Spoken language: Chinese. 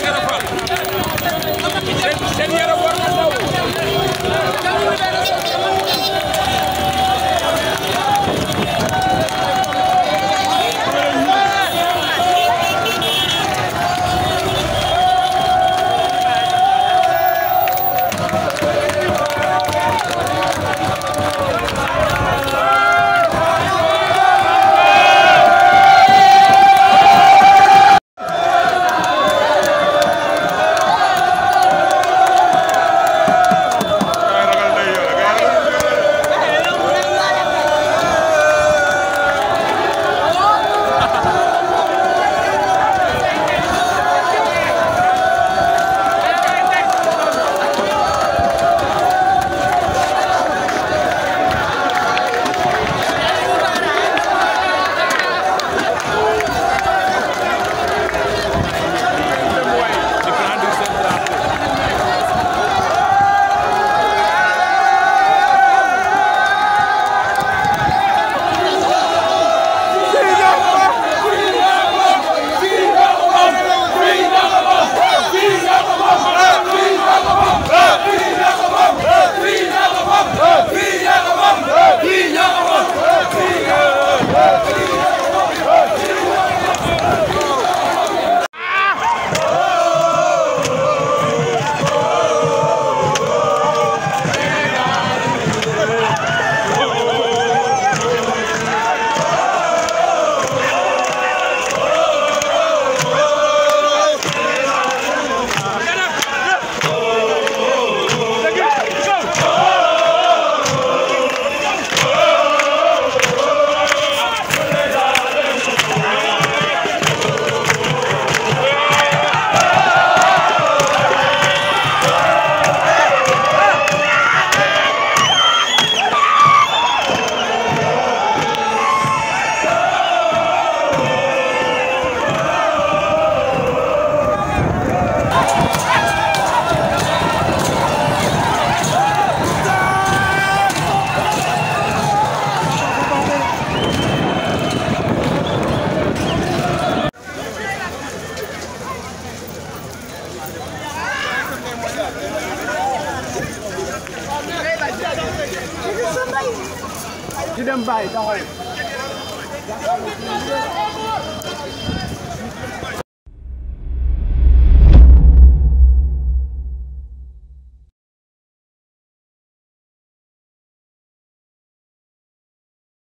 Get up front. 有点白，张伟。